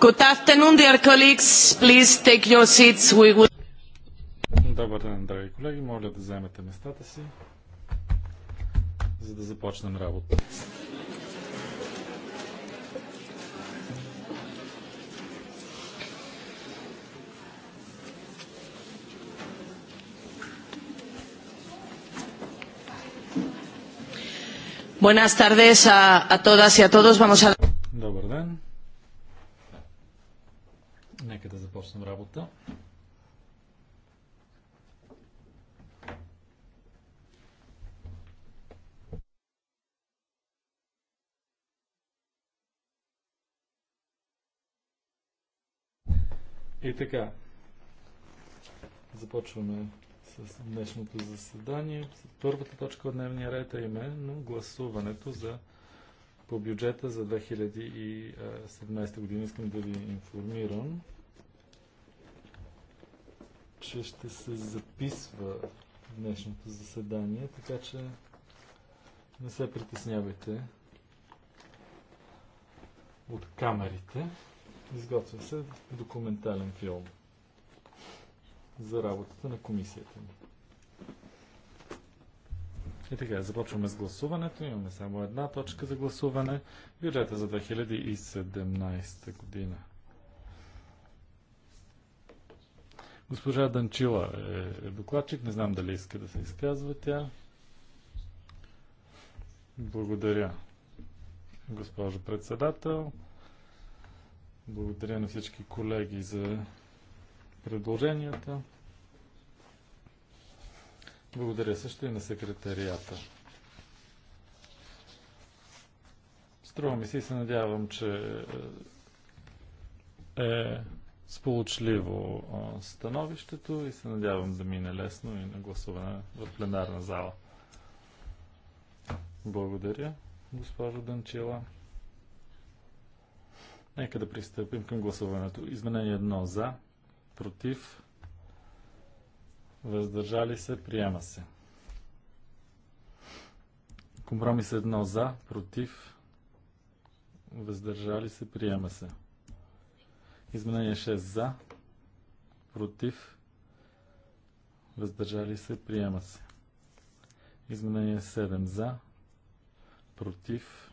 Good afternoon, dear colleagues. Please take your seats. We will... Добър ден, драги колеги. Моля да вземете местата си, за да започнем работа. Buenas tardes a, a todas y a todos. Vamos a започнем работа. И така, започваме с днешното заседание. Първата точка от дневния ред е именно гласуването за, по бюджета за 2017 година. Искам да ви информирам, че ще се записва днешното заседание, така че не се притеснявайте от камерите. Изготвя се документален филм за работата на комисията ни. И така, започваме с гласуването. Имаме само една точка за гласуване. Бюджета за 2017 година. Госпожа Данчила е, е докладчик. Не знам дали иска да се изказва тя. Благодаря, госпожо председател. Благодаря на всички колеги за предложенията. Благодаря също и на секретарията. Струва ми се и се надявам, че е сполучливо становището и се надявам да мине лесно и на гласуване в пленарна зала. Благодаря, госпожо Данчила. Нека да пристъпим към гласуването. Изменение едно за, против, въздържали се, приема се. Компромис едно за, против, въздържали се, приема се. Изменение 6 за, против, въздържали се, приема се. Изменение 7 за, против,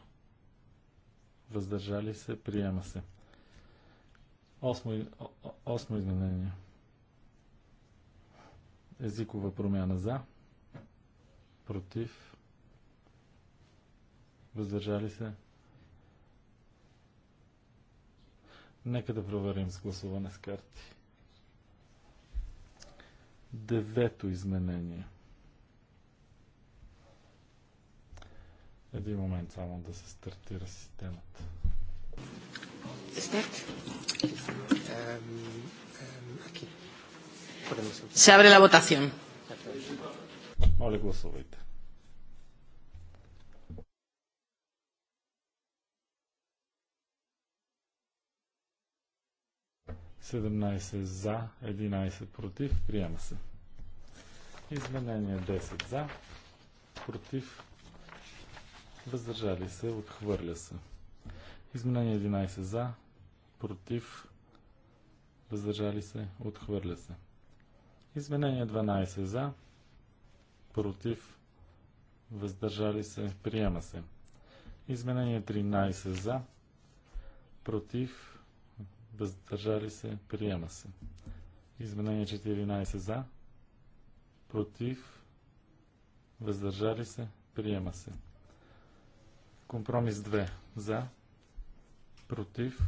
въздържали се, приема се. Осмо, осмо изменение. Езикова промяна за, против, въздържали се, Нека да проверим с гласуване с карти. Девето изменение. Един момент само да се стартира системата. Се абре ла Моля, гласувайте. 17 за, 11 против, приема се. Изменение 10 за, против, въздържали се, отхвърля се. Изменение 11 за, против, въздържали се, отхвърля се. Изменение 12 за, против, въздържали се, приема се. Изменение 13 за, против, въздържали се, приема се. Изменение 14 за, против, въздържали се, приема се. Компромис 2 за, против,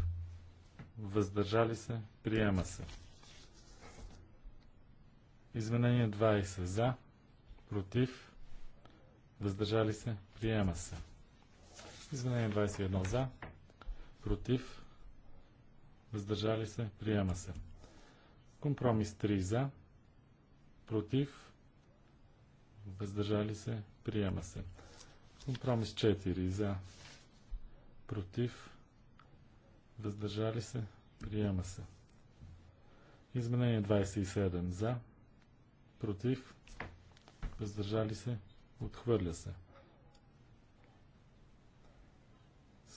въздържали се, приема се. Изменение 20 за, против, въздържали се, приема се. Изменение 21 за, против, въздържали се, приема се. Компромис 3 за, против, въздържали се, приема се. Компромис 4 за, против, въздържали се, приема се. Изменение 27 за, против, въздържали се, отхвърля се.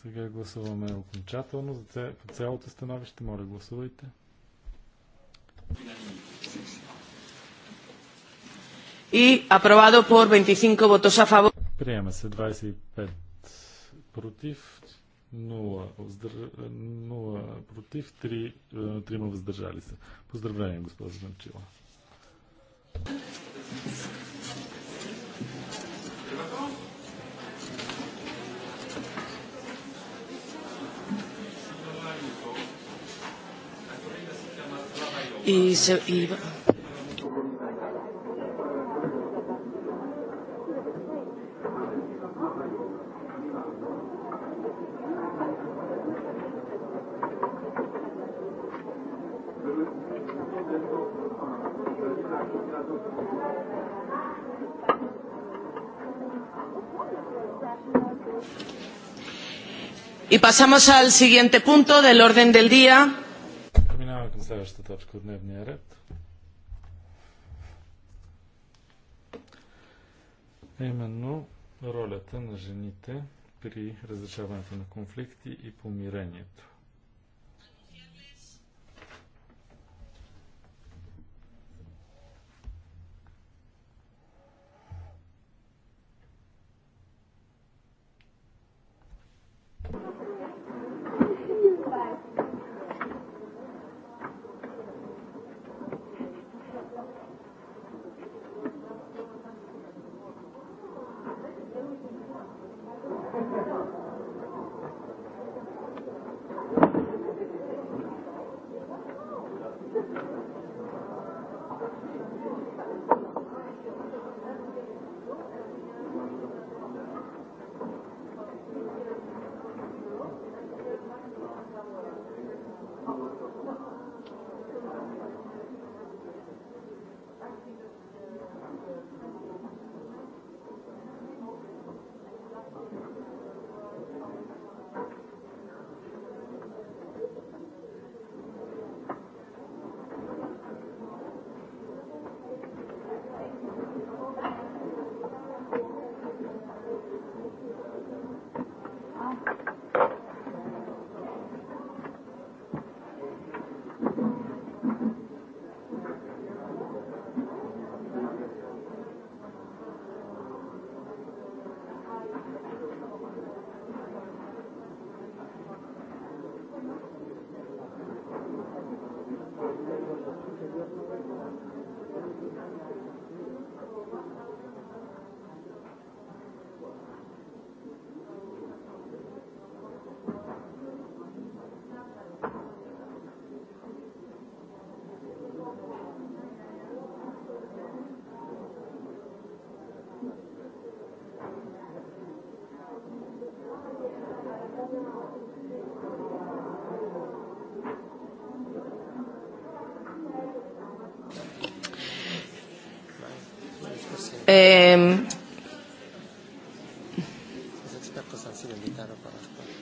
Сега гласуваме окончателно за цялото становище. Моля, гласувайте. И апровадо по 25 votos a фавор. Приема се 25 против, 0, против, 3, е, въздържали се. Поздравление, госпожо Замчила. y se y Y pasamos al siguiente punto del orden del día следващата точка от дневния ред. именно ролята на жените при разрешаването на конфликти и помирението.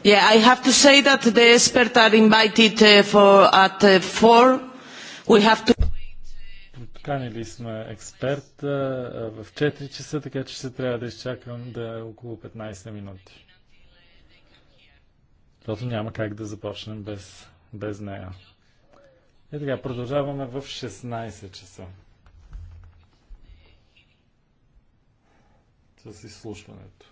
Yeah, I have to say that the experts are invited uh, for at uh, four. We have to. Поканили сме експерт в 4 часа, така че ще трябва да изчакам да е около 15 минути. Защото няма как да започнем без, без нея. И е така, продължаваме в 16 часа. С изслушването.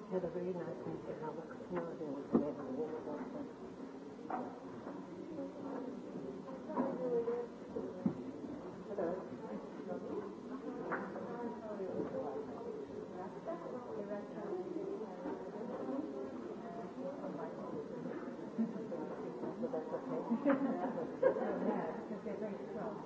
just had very nice I will know there was an Hello. So that's okay. yeah, because they're very strong.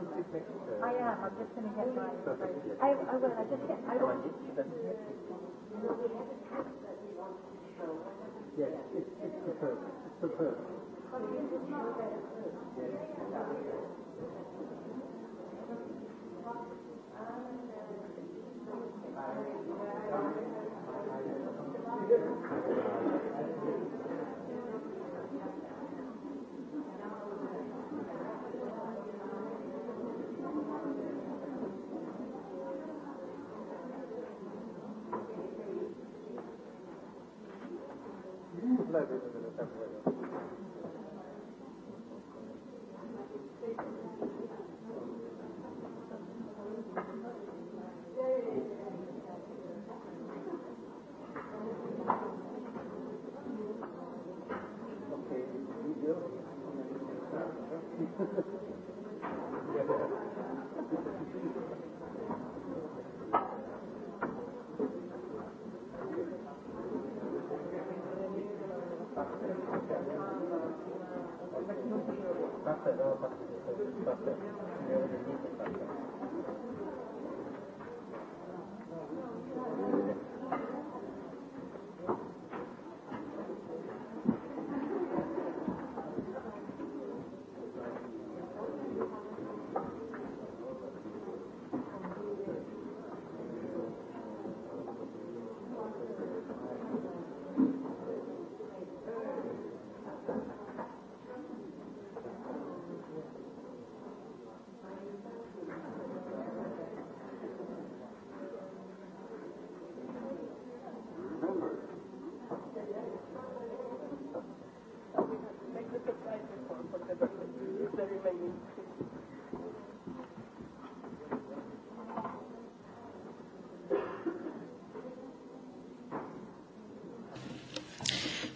I am. I'm just going get my. I, I will. I just get. I will. Yes, it's, it's superb. It's superb. Thank you.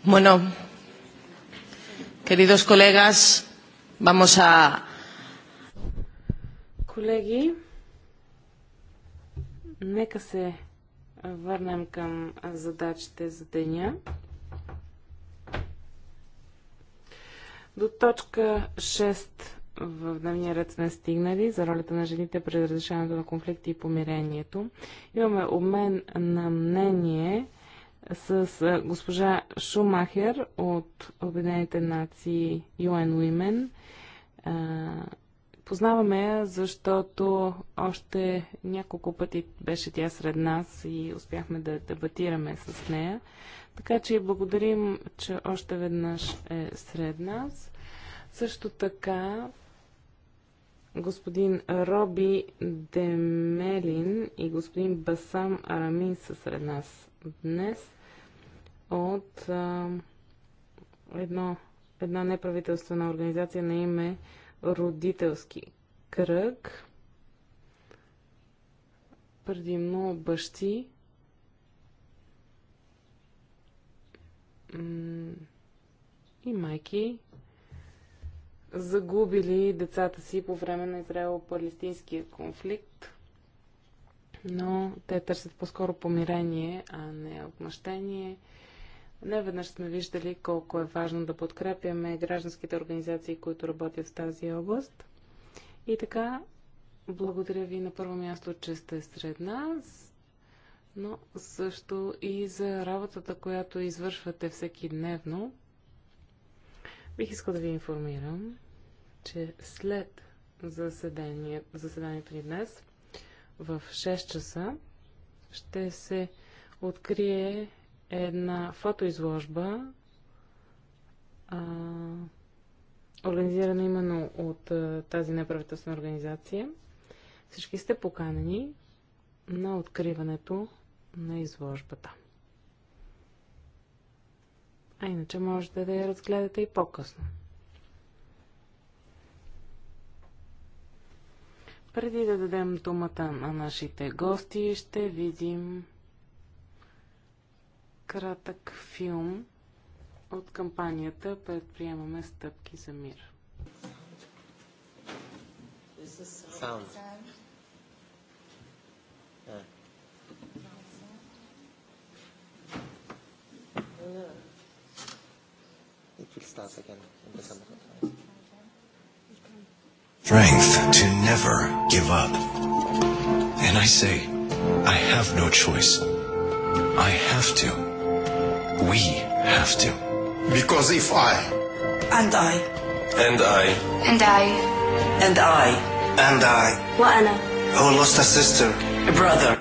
Bueno, queridos colegas, vamos a. Колеги, нека се върнем към задачите за деня. До точка в дневния ред сме стигнали за ролята на жените при разрешаването на конфликти и помирението. Имаме обмен на мнение с госпожа Шумахер от Обединените нации UN Women. Познаваме я, защото още няколко пъти беше тя сред нас и успяхме да дебатираме с нея. Така че благодарим, че още веднъж е сред нас. Също така господин Роби Демелин и господин Басам Арамин са сред нас днес от а, едно, една неправителствена организация на име Родителски кръг. преди много бащи. И майки загубили децата си по време на Израел-Палестинския конфликт, но те търсят по-скоро помирение, а не отмъщение. Не веднъж сме виждали колко е важно да подкрепяме гражданските организации, които работят в тази област. И така, благодаря ви на първо място, че сте сред нас, но също и за работата, която извършвате всеки дневно. Бих искал да ви информирам, че след заседание, заседанието ни днес в 6 часа ще се открие една фотоизложба, а, организирана именно от а, тази неправителствена организация. Всички сте поканени на откриването на изложбата. А иначе можете да я разгледате и по-късно. Преди да дадем думата на нашите гости, ще видим кратък филм от кампанията Предприемаме стъпки за мир. Sound. Yeah. It will start again in Strength to never give up. And I say, I have no choice. I have to. We have to. Because if I. And I. And I. And I. And I. And I. Anna? Who lost a sister. A brother.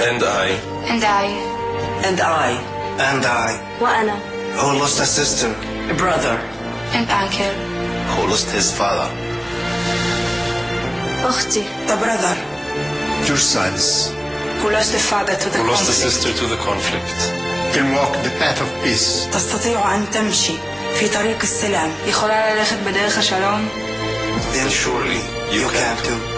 And I. And I. And I. And I. وأنا. Who lost a sister, a brother. And uncle. Who lost his father. أختي. A brother. Your sons. Who lost the father to the Who conflict. the sister to the conflict. Can walk the path of peace. تستطيع أن تمشي في طريق السلام. يخلال ללכת בדרך شلون. Then surely you, you can, can too.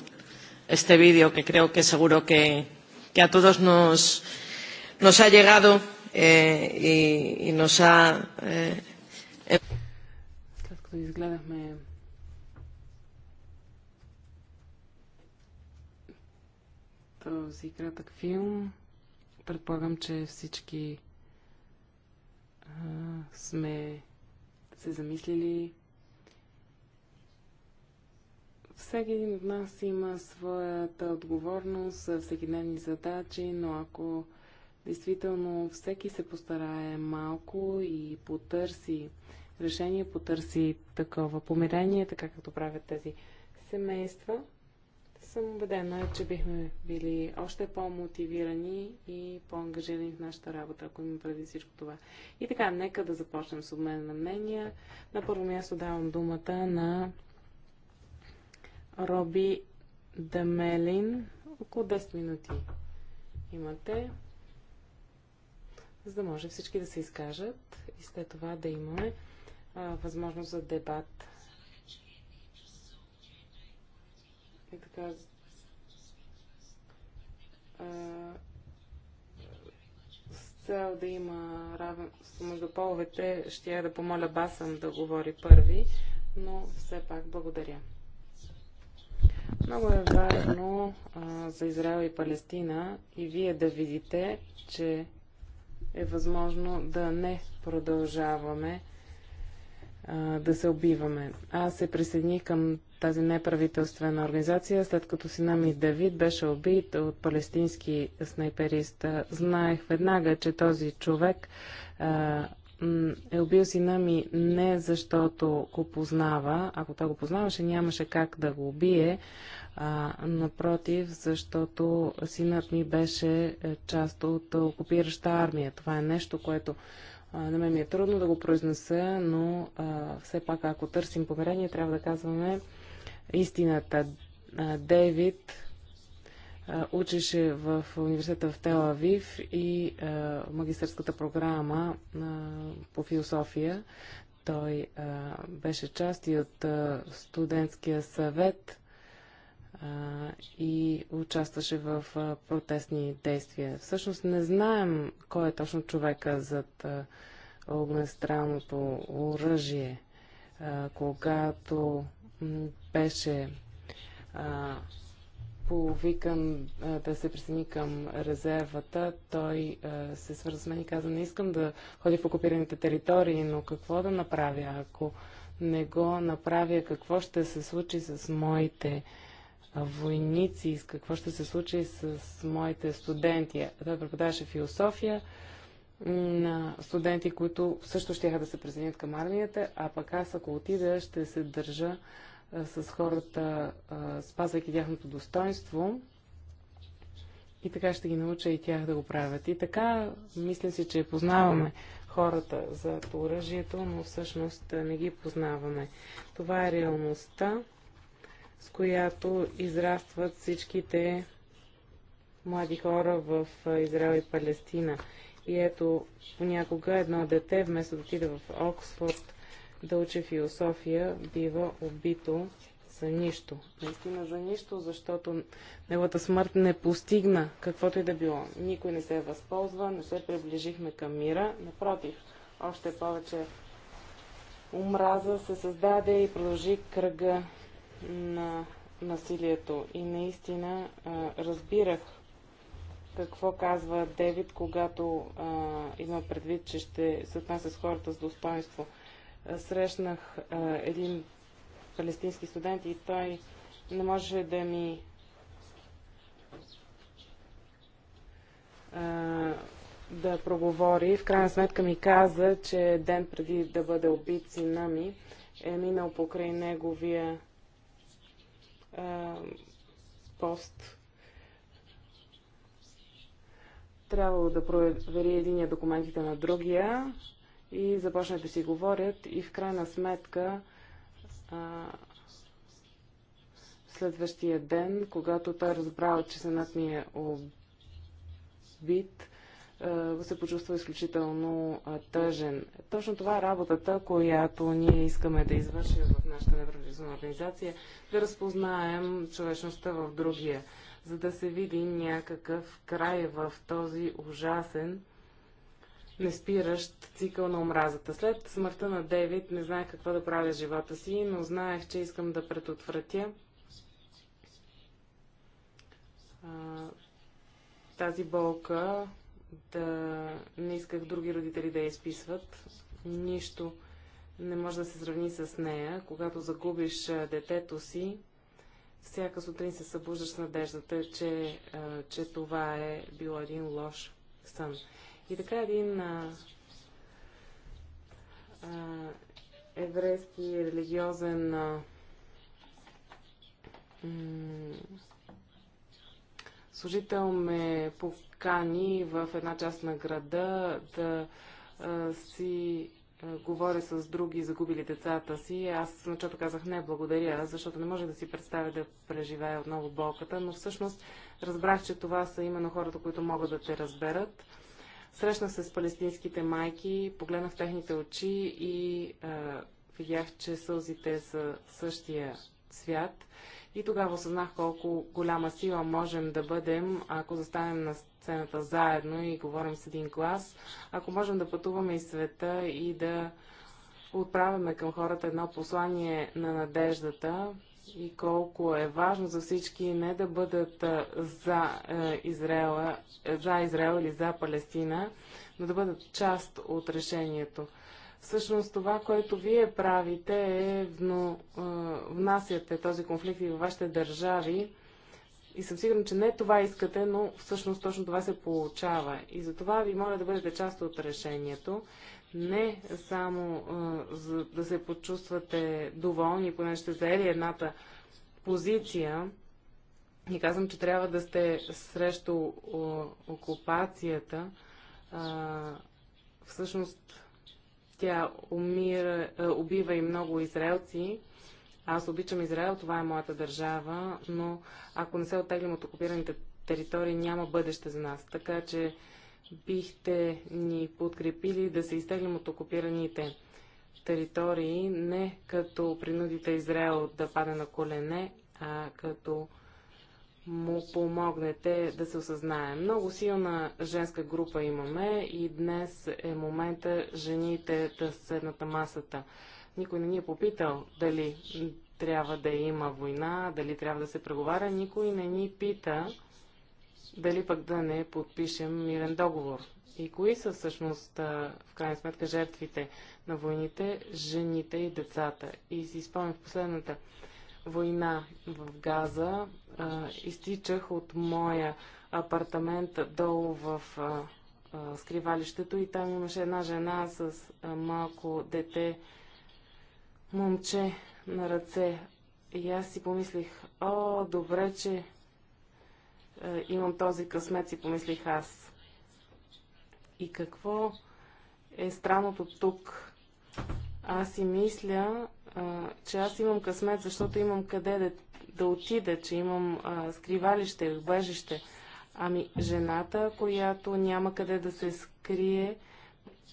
este vídeo que creo que seguro que, que a todos nos, nos ha llegado eh, y, y nos ha. Eh, eh. този кратък филм, предполагам, че всички а, сме се замислили всеки един от нас има своята отговорност, всекидневни задачи, но ако действително всеки се постарае малко и потърси решение, потърси такова помирение, така както правят тези семейства, съм убедена, че бихме били още по-мотивирани и по-ангажирани в нашата работа, ако имаме преди всичко това. И така, нека да започнем с обмен на мнения. На първо място давам думата на Роби Дамелин. Около 10 минути имате, за да може всички да се изкажат и след това да имаме а, възможност за дебат. И така. А, с цел да има равенство между половете, ще я да помоля Басъм да говори първи, но все пак благодаря. Много е важно а, за Израел и Палестина и вие да видите, че е възможно да не продължаваме а, да се убиваме. Аз се присъединих към тази неправителствена организация, след като сина ми Давид беше убит от палестински снайперист. Знаех веднага, че този човек а, е убил сина ми не защото го познава, ако той го познаваше, нямаше как да го убие, а, напротив, защото синът ми беше е, част от окупираща армия. Това е нещо, което а, на мен ми е трудно да го произнеса, но а, все пак, ако търсим помирение, трябва да казваме истината. Дейвид учеше в университета в Тел-Авив и магистърската програма по философия. Той беше част и от студентския съвет и участваше в протестни действия. Всъщност не знаем кой е точно човека зад огнестралното оръжие. Когато беше повикан а, да се присъедини към резервата, той а, се свърза с мен и каза, не искам да ходя в окупираните територии, но какво да направя, ако не го направя, какво ще се случи с моите войници, с какво ще се случи с моите студенти. Той преподаваше философия на студенти, които също ще да се присъединят към армията, а пък аз ако отида, ще се държа а, с хората, а, спазвайки тяхното достоинство. И така ще ги науча и тях да го правят. И така, мисля си, че познаваме хората за оръжието, но всъщност не ги познаваме. Това е реалността, с която израстват всичките млади хора в Израел и Палестина. И ето, понякога едно дете, вместо да отиде в Оксфорд да учи философия, бива убито за нищо. Наистина за нищо, защото неговата смърт не постигна каквото и да било. Никой не се е възползва, не се приближихме към мира. Напротив, още повече омраза се създаде и продължи кръга на насилието. И наистина разбирах какво казва Девид, когато а, има предвид, че ще се отнася с хората с достоинство срещнах един палестински студент и той не може да ми да проговори. В крайна сметка ми каза, че ден преди да бъде убит сина ми е минал покрай неговия а, пост. Трябвало да провери единия документите на другия и започнат да си говорят и в крайна сметка а, следващия ден, когато той разбрал, че сенът ми е убит, се почувства изключително тъжен. Точно това е работата, която ние искаме да извършим в нашата неправителствена организация, да разпознаем човечността в другия, за да се види някакъв край в този ужасен неспиращ цикъл на омразата. След смъртта на Дейвид не знаех какво да правя живота си, но знаех, че искам да предотвратя а, тази болка, да не исках други родители да я изписват. Нищо не може да се сравни с нея. Когато загубиш детето си, всяка сутрин се събуждаш с надеждата, че, че това е бил един лош сън. И така един а, а, еврейски религиозен а, служител ме покани в една част на града да а, си говоря с други загубили децата си. Аз в началото казах не, благодаря, защото не може да си представя да преживее отново болката, но всъщност разбрах, че това са именно хората, които могат да те разберат. Срещна се с палестинските майки, погледнах техните очи и а, видях, че сълзите са същия свят. И тогава осъзнах колко голяма сила можем да бъдем, ако застанем на сцената заедно и говорим с един глас, ако можем да пътуваме из света и да отправяме към хората едно послание на надеждата, и колко е важно за всички не да бъдат за Израела, за Израел или за Палестина, но да бъдат част от решението. Всъщност това, което вие правите е е внасяте този конфликт и във вашите държави и съм сигурна, че не това искате, но всъщност точно това се получава. И за това ви моля да бъдете част от решението не само а, за да се почувствате доволни, понеже сте заели едната позиция. и казвам, че трябва да сте срещу окупацията. А, всъщност тя умира, а, убива и много израелци. Аз обичам Израел, това е моята държава, но ако не се оттеглим от окупираните територии, няма бъдеще за нас. Така че бихте ни подкрепили да се изтеглим от окупираните територии, не като принудите Израел да пада на колене, а като му помогнете да се осъзнае. Много силна женска група имаме и днес е момента жените да седнат на масата. Никой не ни е попитал дали трябва да има война, дали трябва да се преговаря. Никой не ни пита дали пък да не подпишем мирен договор. И кои са всъщност, в крайна сметка, жертвите на войните, жените и децата? И си спомням в последната война в Газа, а, изтичах от моя апартамент долу в а, а, скривалището и там имаше една жена с малко дете, момче на ръце. И аз си помислих, о, добре, че е, имам този късмет, си помислих аз. И какво е странното тук? Аз си мисля, е, че аз имам късмет, защото имам къде да, да отида, че имам е, скривалище, убежище. Ами жената, която няма къде да се скрие,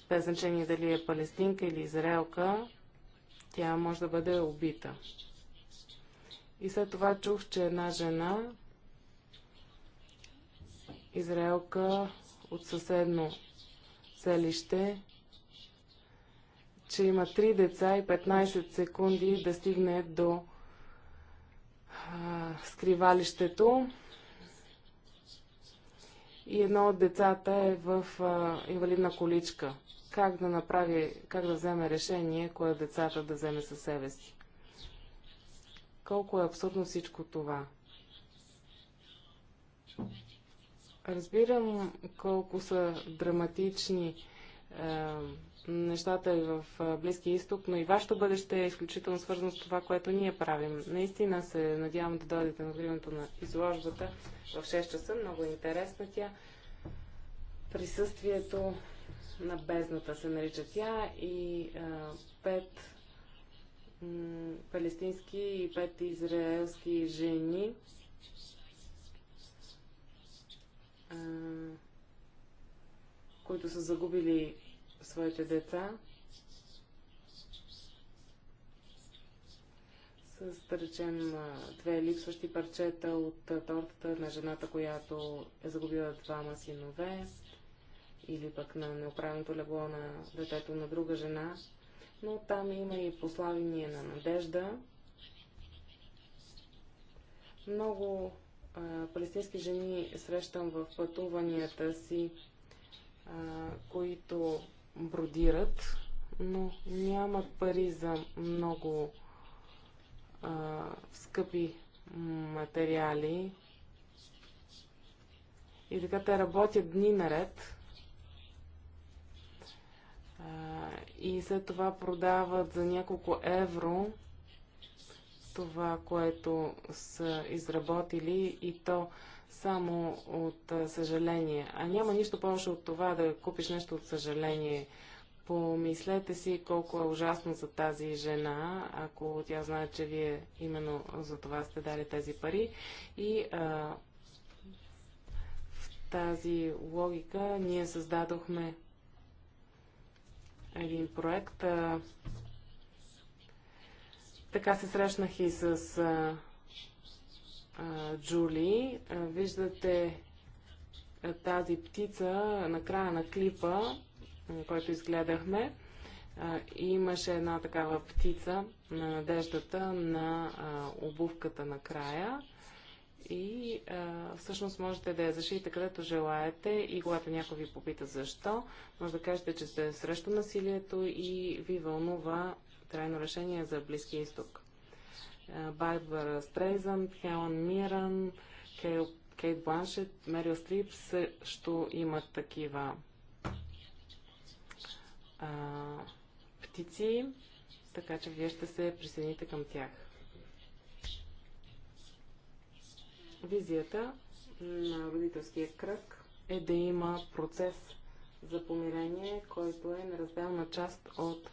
без значение дали е палестинка или израелка, тя може да бъде убита. И след това чух, че една жена Израелка от съседно селище, че има три деца и 15 секунди да стигне до а, скривалището. И едно от децата е в а, инвалидна количка. Как да направи, как да вземе решение, кое децата да вземе със себе си. Колко е абсурдно всичко това разбирам колко са драматични е, нещата в е, Близкия изток, но и вашето бъдеще е изключително свързано с това, което ние правим. Наистина се надявам да дойдете на времето на изложбата в 6 часа. Много е интересна тя. Присъствието на бездната се нарича тя и е, пет палестински и пет израелски жени които са загубили своите деца, с, да речем, две липсващи парчета от тортата на жената, която е загубила двама синове, или пък на неуправеното легло на детето на друга жена. Но там има и послание на надежда. Много палестински жени срещам в пътуванията си, които бродират, но нямат пари за много скъпи материали. И така те работят дни наред. и след това продават за няколко евро това, което са изработили и то само от съжаление. А няма нищо повече от това да купиш нещо от съжаление. Помислете си колко е ужасно за тази жена, ако тя знае, че вие именно за това сте дали тези пари. И а, в тази логика ние създадохме един проект. А, така се срещнах и с а, а, Джули. А, виждате а, тази птица на края на клипа, а, който изгледахме. А, имаше една такава птица на надеждата на а, обувката на края. И а, всъщност можете да я зашиете където желаете и когато някой ви попита защо, може да кажете, че сте срещу насилието и ви вълнува трайно решение за Близкия изток. Барбара Стрейзън, Хелън Миран, Кейт Бланшет, Мерил Стрип също имат такива а, птици, така че вие ще се присъедините към тях. Визията на родителския кръг е да има процес за помирение, който е неразделна част от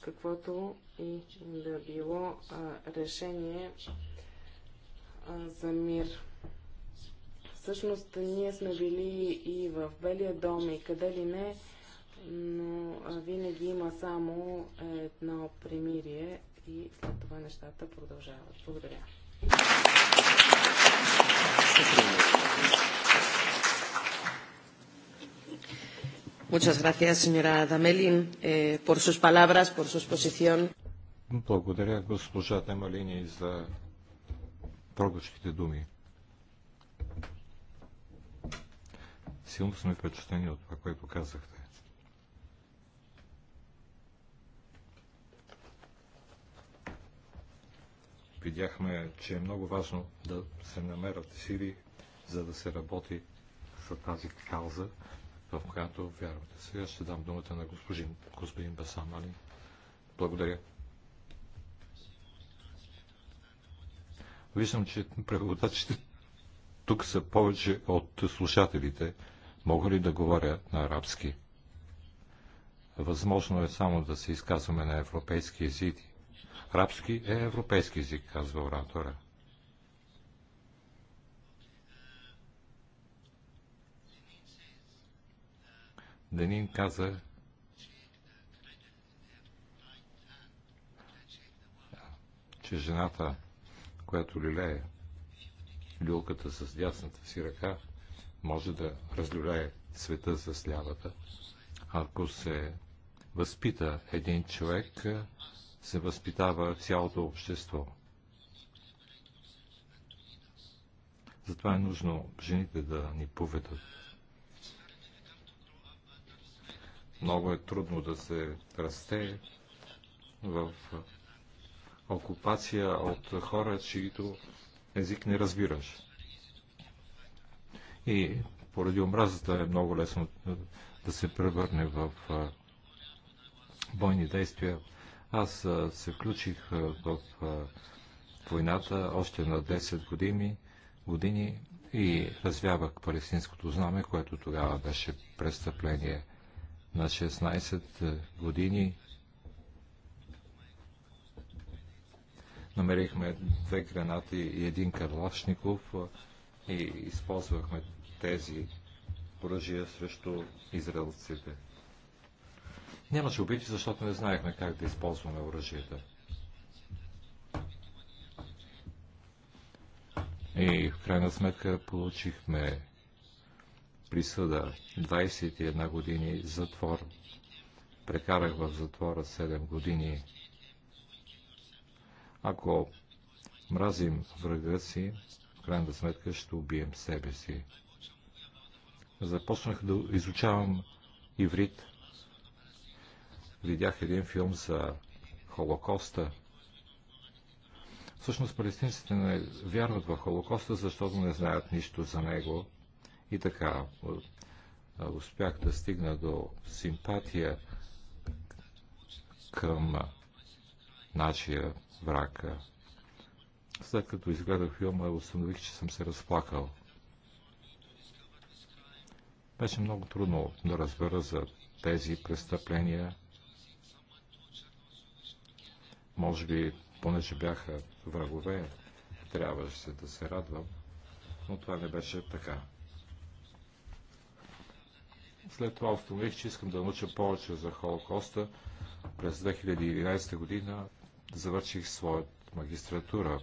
каквото и да било а, решение а, за мир. Всъщност ние сме били и в Белия дом и къде ли не, но винаги има само едно примирие и след това нещата продължават. Благодаря. Muchas gracias, señora Damelin, eh, por sus palabras, por su exposición. Благодаря, госпожа Дамалини, за трогащите думи. Силно сме впечатлени от това, което казахте. Видяхме, че е много важно да се намерят сили, за да се работи за тази кауза в която вярвате. Сега ще дам думата на господин, господин Басан Али. Благодаря. Виждам, че преводачите тук са повече от слушателите. Мога ли да говоря на арабски? Възможно е само да се изказваме на европейски език. Арабски е европейски език, казва оратора. Денин каза, че жената, която лилее люлката с дясната си ръка, може да разлюлее света за слявата. Ако се възпита един човек, се възпитава цялото общество. Затова е нужно жените да ни поведат. Много е трудно да се расте в окупация от хора, чието език не разбираш. И поради омразата е много лесно да се превърне в бойни действия. Аз се включих в войната още на 10 години, години и развявах палестинското знаме, което тогава беше престъпление – на 16 е, години. Намерихме две гранати и един карлашников е, и използвахме тези оръжия срещу израелците. Нямаше убити, защото не знаехме как да използваме оръжията. И в крайна сметка получихме присъда 21 години затвор. Прекарах в затвора 7 години. Ако мразим врага си, в крайна сметка ще убием себе си. Започнах да изучавам иврит. Видях един филм за Холокоста. Всъщност палестинците не вярват в Холокоста, защото не знаят нищо за него. И така, успях да стигна до симпатия към нашия враг. След като изгледах филма, установих, че съм се разплакал. Беше много трудно да разбера за тези престъпления. Може би, понеже бяха врагове, трябваше да се радвам, но това не беше така. След това установих, че искам да науча повече за Холокоста. През 2011 година завърших своят магистратура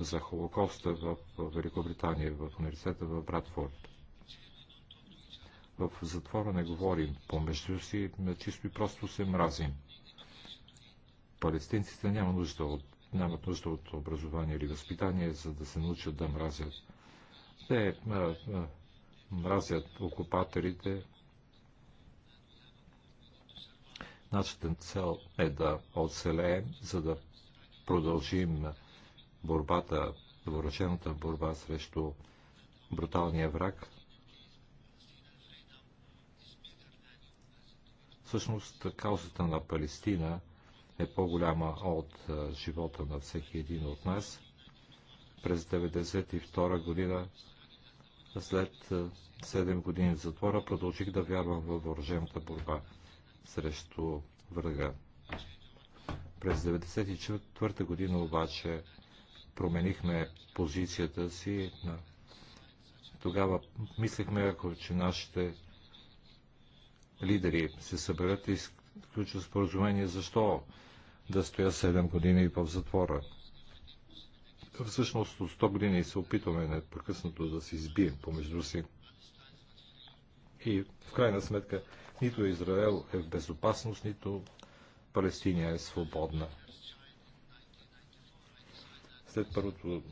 за Холокоста в Великобритания, в университета в Братфорд. В затвора не говорим помежду си, чисто и просто се мразим. Палестинците няма нужда от, нямат нужда от образование или възпитание, за да се научат да мразят. Те а, а, мразят окупаторите. Нашата цел е да оцелеем, за да продължим борбата, въоръжената борба срещу бруталния враг. Всъщност, каузата на Палестина е по-голяма от живота на всеки един от нас. През 1992 година след 7 години в затвора продължих да вярвам във въоръжената борба срещу врага. През 1994 година обаче променихме позицията си. На... Тогава мислехме, ако че нашите лидери се съберат и изключат споразумение, защо да стоя 7 години в затвора. Всъщност от 100 години се опитваме непрекъснато да се избием помежду си. И в крайна сметка нито Израел е в безопасност, нито Палестиния е свободна. След първото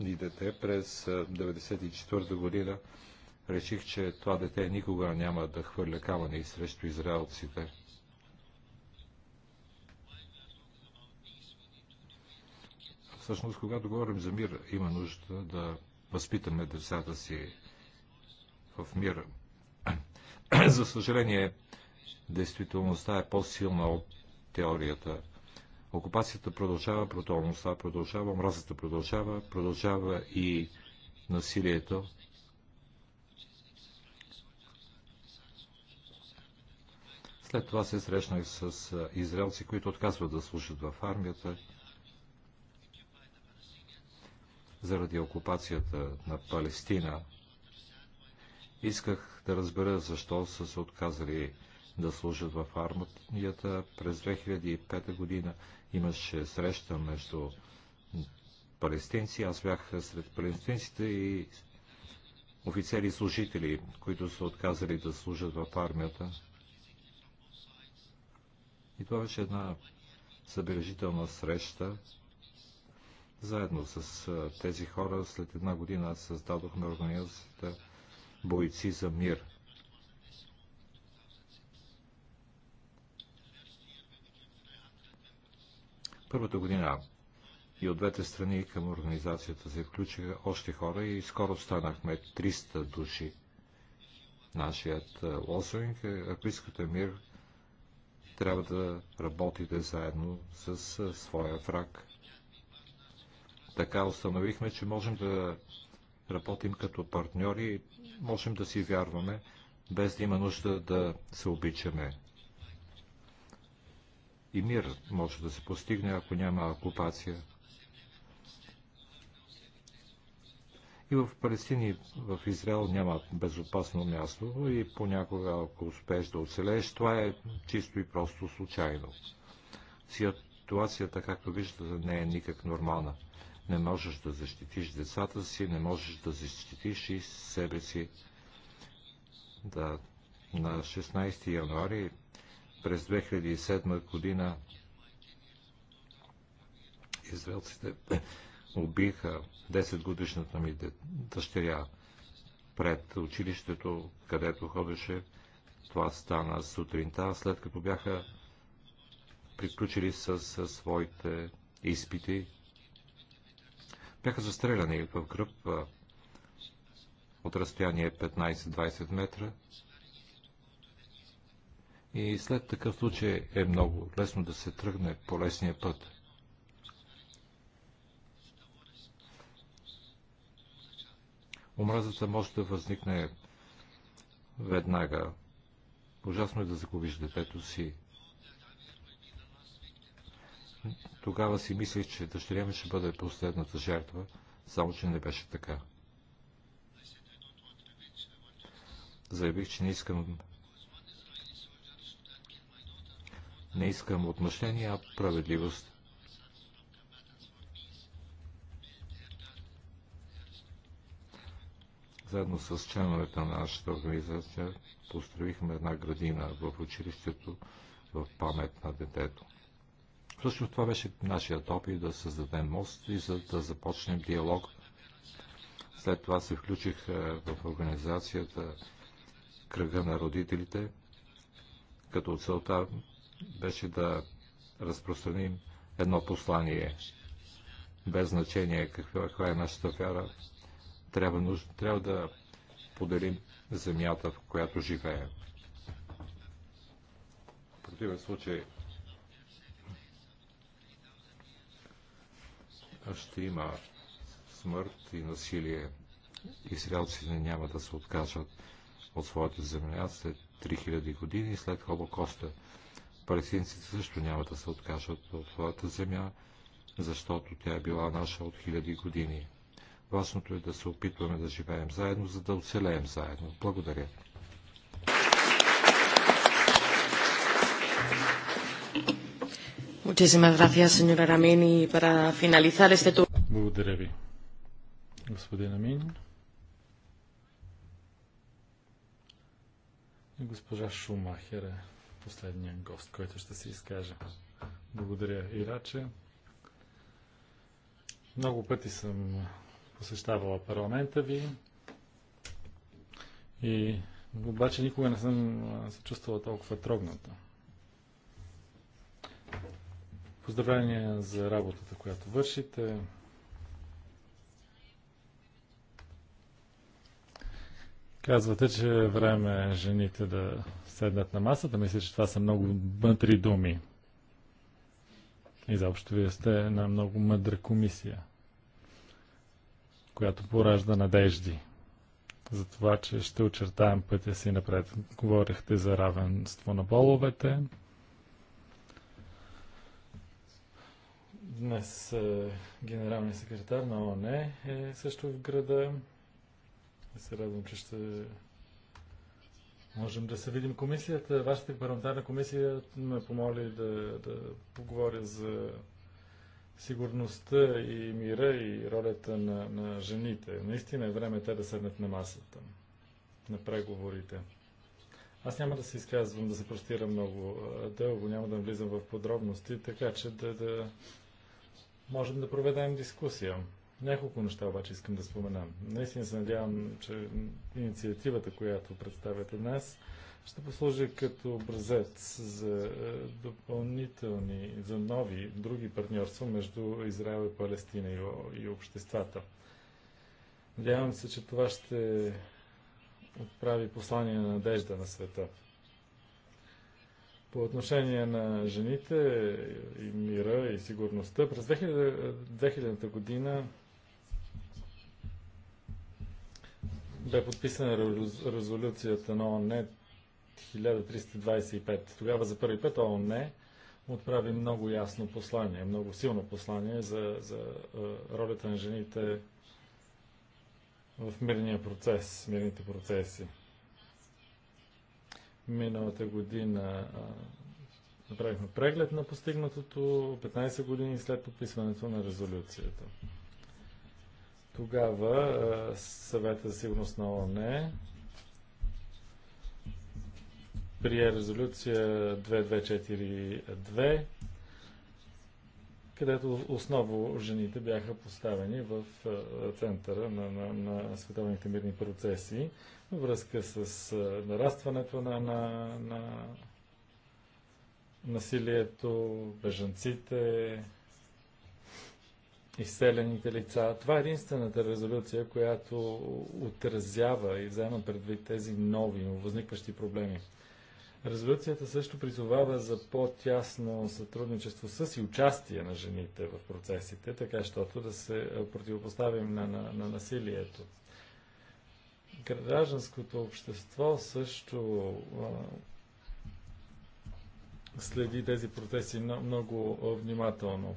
ни дете през 1994 година реших, че това дете никога няма да хвърля камъни срещу израелците. Всъщност, когато говорим за мир, има нужда да възпитаме децата си в мир. за съжаление, действителността е по-силна от теорията. Окупацията продължава, протолността продължава, мразата продължава, продължава и насилието. След това се срещнах с израелци, които отказват да служат в армията заради окупацията на Палестина. Исках да разбера защо са се отказали да служат в армията. През 2005 година имаше среща между палестинци. Аз бях сред палестинците и офицери и служители, които са отказали да служат в армията. И това беше една събележителна среща, заедно с тези хора след една година създадохме организацията Бойци за мир. Първата година и от двете страни към организацията се включиха още хора и скоро станахме 300 души. Нашият лозунг е, ако искате мир, трябва да работите заедно с своя враг – така установихме, че можем да работим като партньори, можем да си вярваме, без да има нужда да се обичаме. И мир може да се постигне, ако няма окупация. И в Палестини, в Израел няма безопасно място и понякога, ако успееш да оцелееш, това е чисто и просто случайно. Ситуацията, както виждате, не е никак нормална не можеш да защитиш децата си, не можеш да защитиш и себе си. Да, на 16 януари през 2007 година израелците убиха 10 годишната ми дъщеря пред училището, където ходеше. Това стана сутринта, след като бяха приключили с своите изпити бяха застреляни в гръб от разстояние 15-20 метра. И след такъв случай е много лесно да се тръгне по лесния път. Омразата може да възникне веднага. Ужасно е да загубиш детето си. Тогава си мислех, че дъщеря ми ще бъде последната жертва, само че не беше така. Заявих, че не искам не искам отмъщение, а справедливост. Заедно с членовете на нашата организация построихме една градина в училището в памет на детето. Всъщност това беше нашият опит да създадем мост и за да започнем диалог. След това се включих е, в организацията Кръга на родителите, като целта беше да разпространим едно послание. Без значение каква, каква е нашата вяра, трябва, нужда, трябва да поделим земята, в която живеем. В противен случай ще има смърт и насилие. Израелците няма да се откажат от своята земя след 3000 години след Холокоста. Палестинците също няма да се откажат от своята земя, защото тя е била наша от хиляди години. Важното е да се опитваме да живеем заедно, за да оцелеем заедно. Благодаря. Muchísimas gracias, señora Ramin. Y para finalizar este turno... Благодаря ви, господин Амин. И госпожа Шумахер е последния гост, който ще се изкаже. Благодаря, Ираче. Много пъти съм посещавала парламента ви и обаче никога не съм се чувствала толкова трогната. Поздравления за работата, която вършите. Казвате, че е време жените да седнат на масата. Мисля, че това са много мъдри думи. И заобщо вие сте една много мъдра комисия, която поражда надежди за това, че ще очертаем пътя си напред. Говорихте за равенство на половете. Днес е, генералният секретар на ООН е, е също в града. Да се радвам, че ще можем да се видим. Комисията, вашата парламентарна комисия ме помоли да, да поговоря за сигурността и мира и ролята на, на жените. Наистина е време те да седнат на масата, на преговорите. Аз няма да се изказвам, да се простира много дълго, няма да влизам в подробности, така че да, да можем да проведем дискусия. Няколко неща обаче искам да споменам. Наистина се надявам, че инициативата, която представяте днес, ще послужи като образец за е, допълнителни, за нови, други партньорства между Израел и Палестина и, и обществата. Надявам се, че това ще отправи послание на надежда на света. По отношение на жените и мира и сигурността, през 2000, 2000 година бе подписана резолюцията на ООН 1325. Тогава за първи път ООН отправи много ясно послание, много силно послание за, за ролята на жените в мирния процес, мирните процеси. Миналата година направихме преглед на постигнатото 15 години след подписването на резолюцията. Тогава съвета за сигурност на ООН прие резолюция 2242 където основно жените бяха поставени в центъра на, на, на световните мирни процеси връзка с нарастването на, на, на насилието, бежанците, изселените лица. Това е единствената резолюция, която отразява и взема предвид тези нови, възникващи проблеми. Резолюцията също призовава за по-тясно сътрудничество с и участие на жените в процесите, така щото да се противопоставим на, на, на насилието. Гражданското общество също а, следи тези процеси много внимателно.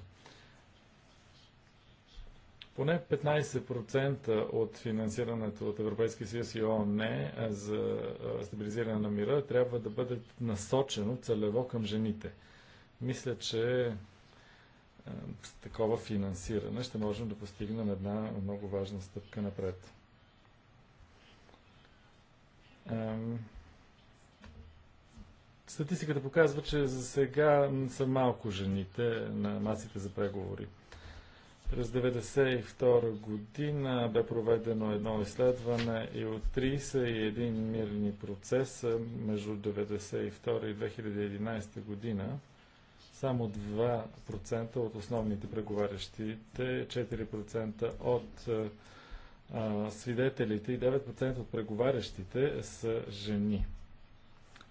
Поне 15% от финансирането от Европейския съюз и ООН за стабилизиране на мира трябва да бъде насочено целево към жените. Мисля, че с такова финансиране ще можем да постигнем една много важна стъпка напред. Статистиката показва, че за сега са малко жените на масите за преговори. През 1992 година бе проведено едно изследване и от 31 мирни процеса между 1992 и 2011 година само 2% от основните преговарящите, 4% от е, свидетелите и 9% от преговарящите са жени.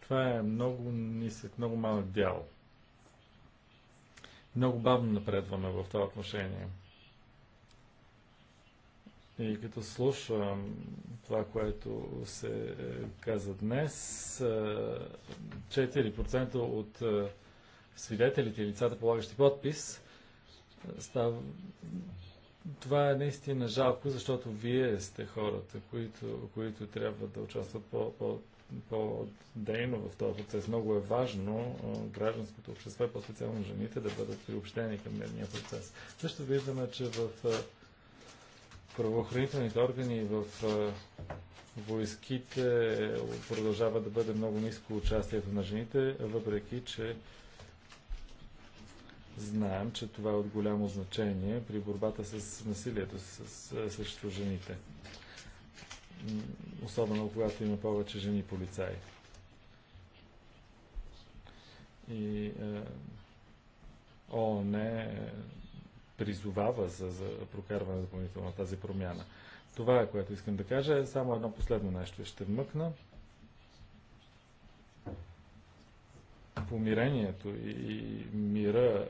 Това е много нисък, много малък дял. Много бавно напредваме в това отношение. И като слушам това, което се е, каза днес, 4% от свидетелите и лицата, полагащи подпис, става, това е наистина жалко, защото вие сте хората, които, които трябва да участват по, по, по-дейно в този процес. Много е важно гражданското общество и по-специално жените да бъдат приобщени към мирния процес. Също виждаме, че в правоохранителните органи и в войските продължава да бъде много ниско участието на жените, въпреки че Знаем, че това е от голямо значение при борбата с насилието с, срещу жените. Особено когато има повече жени полицаи. И е, ООН е, призовава за, за прокарване допълнително на тази промяна. Това е което искам да кажа. Е, само едно последно нещо ще вмъкна. помирението и мира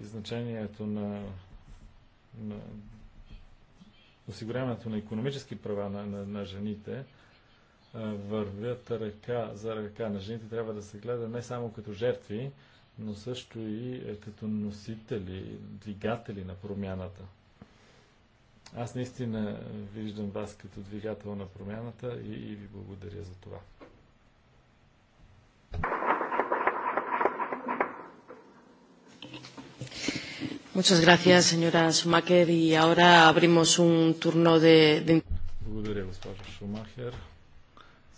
и значението на, на осигуряването на економически права на, на, на жените вървят ръка за ръка. На жените трябва да се гледа не само като жертви, но също и е, като носители, двигатели на промяната. Аз наистина виждам вас като двигател на промяната и, и ви благодаря за това. Muchas gracias, señora Schumacher. Y ahora abrimos un turno de... Благодаря, госпожа Шумахер.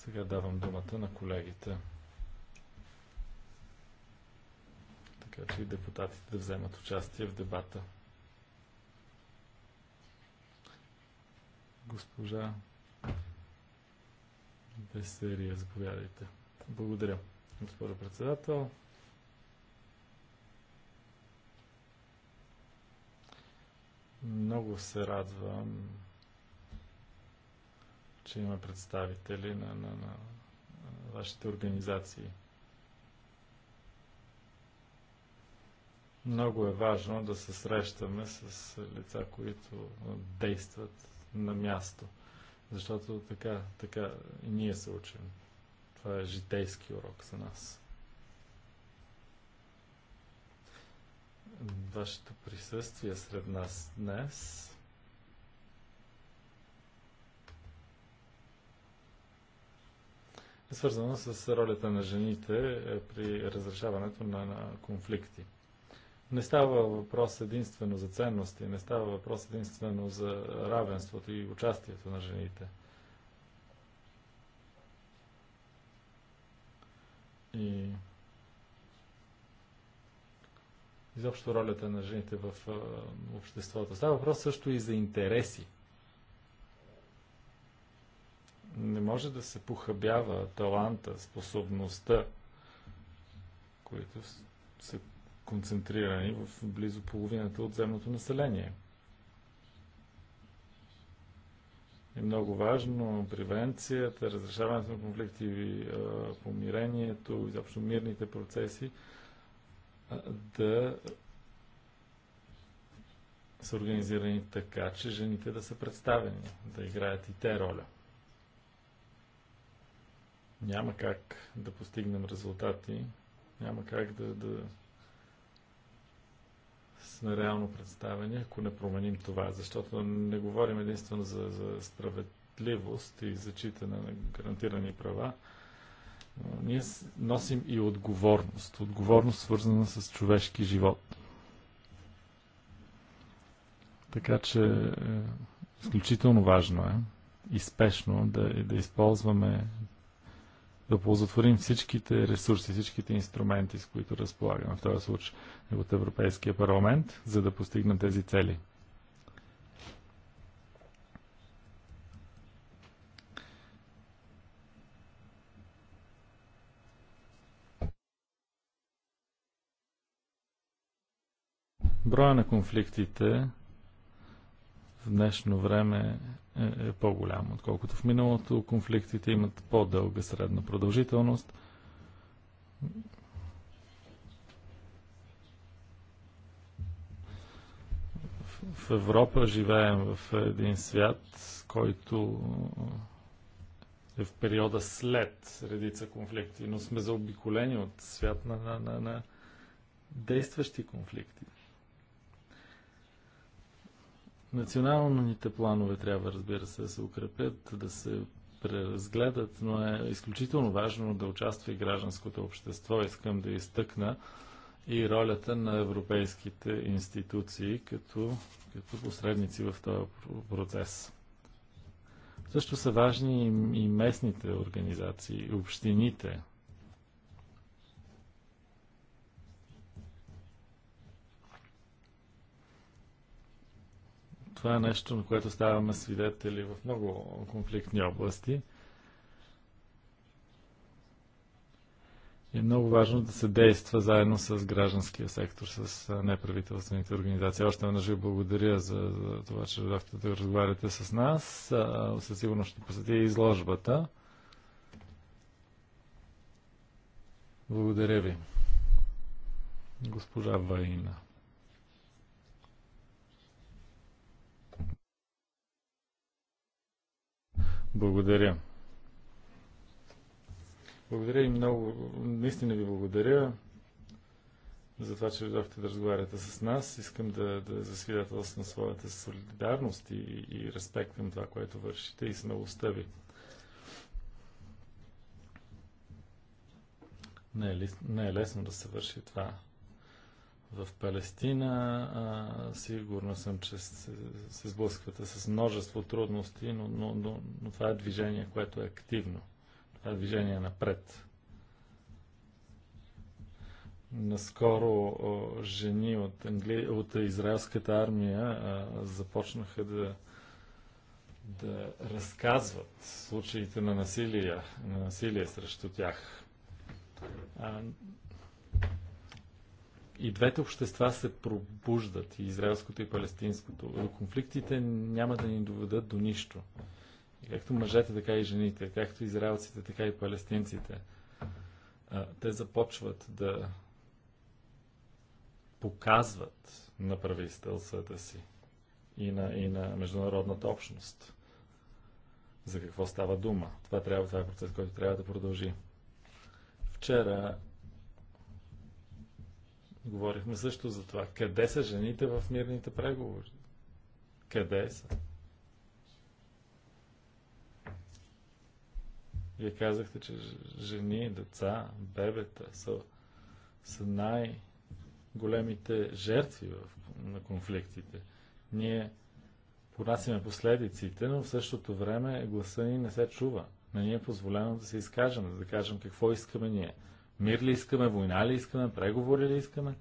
Сега давам думата на колегите. Така че и депутатите да вземат участие в дебата. Госпожа Весерия, заповядайте. Благодаря, госпожо председател. Много се радвам, че има представители на, на, на вашите организации. Много е важно да се срещаме с лица, които действат на място. Защото така, така и ние се учим. Това е житейски урок за нас. вашето присъствие сред нас днес. е свързано с ролята на жените е, при разрешаването на, на конфликти. Не става въпрос единствено за ценности, не става въпрос единствено за равенството и участието на жените. И изобщо ролята на жените в обществото. Става въпрос също и за интереси. Не може да се похабява таланта, способността, които са концентрирани в близо половината от земното население. е много важно. Превенцията, разрешаването на конфликти, помирението, изобщо мирните процеси да са организирани така, че жените да са представени, да играят и те роля. Няма как да постигнем резултати, няма как да, да сме реално представени, ако не променим това, защото не говорим единствено за, за справедливост и зачитане на гарантирани права, ние носим и отговорност. Отговорност свързана с човешки живот. Така че е, изключително важно е и спешно да, да използваме, да ползотворим всичките ресурси, всичките инструменти, с които разполагаме, в този случай от Европейския парламент, за да постигнем тези цели. Броя на конфликтите в днешно време е, е, по-голям, отколкото в миналото. Конфликтите имат по-дълга средна продължителност. В Европа живеем в един свят, който е в периода след редица конфликти, но сме заобиколени от свят на, на, на, на действащи конфликти. Националните планове трябва, разбира се, да се укрепят, да се преразгледат, но е изключително важно да участва и гражданското общество. Искам да изтъкна и ролята на европейските институции като, като посредници в този процес. Също са важни и местните организации, общините, Това е нещо, на което ставаме свидетели в много конфликтни области. И е много важно да се действа заедно с гражданския сектор, с неправителствените организации. Още веднъж ви благодаря за, за това, че дадохте да разговаряте с нас. Със сигурност ще посетя изложбата. Благодаря ви. Госпожа Ваина. Благодаря. Благодаря и много, наистина ви благодаря за това, че дойдохте да разговаряте с нас. Искам да, да засвидетелствам своята солидарност и, и респект към това, което вършите и смелостта ви. Не е, не е лесно да се върши това в Палестина. А, сигурно съм, че се, сблъсквате с множество трудности, но, но, но, но това е движение, което е активно. Това е движение напред. Наскоро о, жени от, Англи... от израелската армия а, започнаха да, да разказват случаите на насилие, на насилие срещу тях. А, и двете общества се пробуждат, и израелското и палестинското. Конфликтите няма да ни доведат до нищо. И както мъжете, така и жените, както израелците, така и палестинците. Те започват да показват на правителствата си и на, и на международната общност за какво става дума. Това, трябва, това е процес, който трябва да продължи. Вчера Говорихме също за това. Къде са жените в мирните преговори? Къде са? Вие казахте, че жени, деца, бебета са, са най-големите жертви в, на конфликтите. Ние понасяме последиците, но в същото време гласа ни не се чува. Не ни е позволено да се изкажем, да кажем какво искаме ние. Мир ли искаме, война ли искаме, преговори ли искаме?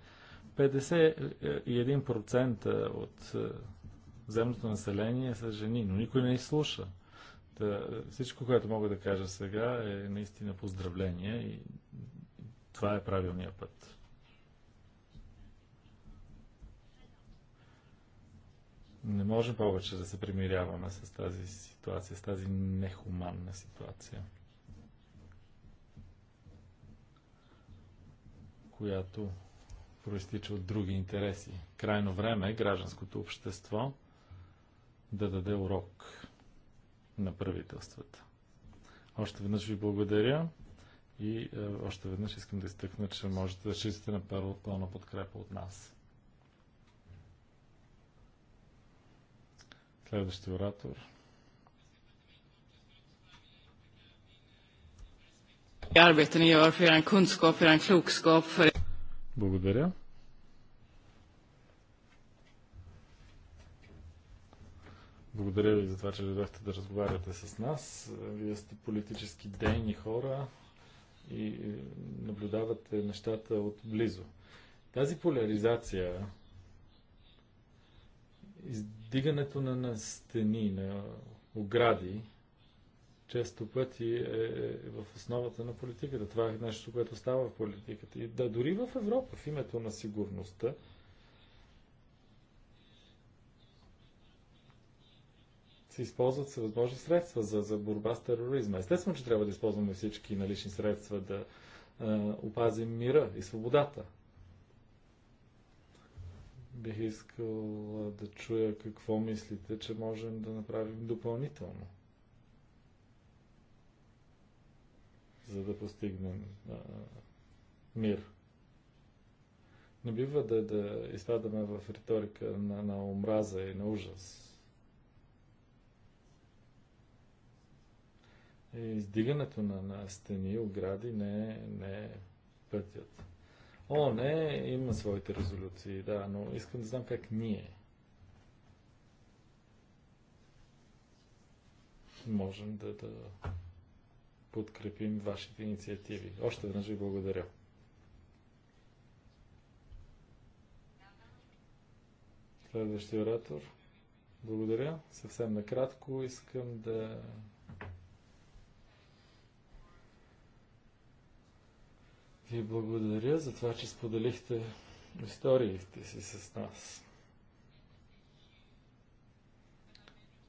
51% е, от е, земното население са жени, но никой не изслуша. Та, всичко, което мога да кажа сега е наистина поздравление и това е правилният път. Не можем повече да се примиряваме с тази ситуация, с тази нехуманна ситуация. която проистича от други интереси. Крайно време е гражданското общество да даде урок на правителствата. Още веднъж ви благодаря и е, още веднъж искам да изтъкна, че можете да считате на първо пълна подкрепа от нас. Следващия оратор. Arbetet ni gör, för er kunskap, för er klokskap, för благодаря. Благодаря ви за това, че дойдохте да разговаряте с нас. Вие сте политически дейни хора и наблюдавате нещата отблизо. Тази поляризация, издигането на, на стени, на огради, често пъти е, е, е в основата на политиката. Това е нещо, което става в политиката. И да, дори в Европа, в името на сигурността, се използват всевъзможни средства за, за борба с тероризма. Естествено, че трябва да използваме всички налични средства да е, опазим мира и свободата. Бих искал да чуя какво мислите, че можем да направим допълнително. за да постигнем а, мир. Не бива да, да изпадаме в риторика на, на омраза и на ужас. И издигането на, на стени, огради не, не е пътят. О, не, има своите резолюции, да, но искам да знам как ние можем да, да подкрепим вашите инициативи. Още веднъж ви благодаря. Следващия оратор. Благодаря. Съвсем накратко искам да ви благодаря за това, че споделихте историите си с нас.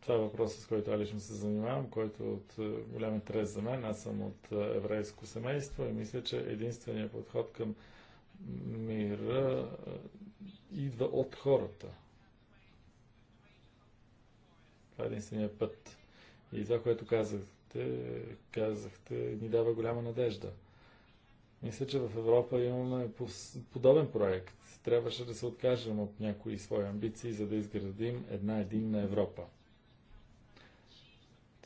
Това е въпросът с който аз лично се занимавам, който е от е, голям интерес за мен. Аз съм от е, еврейско семейство и мисля, че единственият подход към мира е, идва от хората. Това е единствения път. И това, което казахте, казахте, ни дава голяма надежда. Мисля, че в Европа имаме подобен проект. Трябваше да се откажем от някои свои амбиции, за да изградим една единна Европа.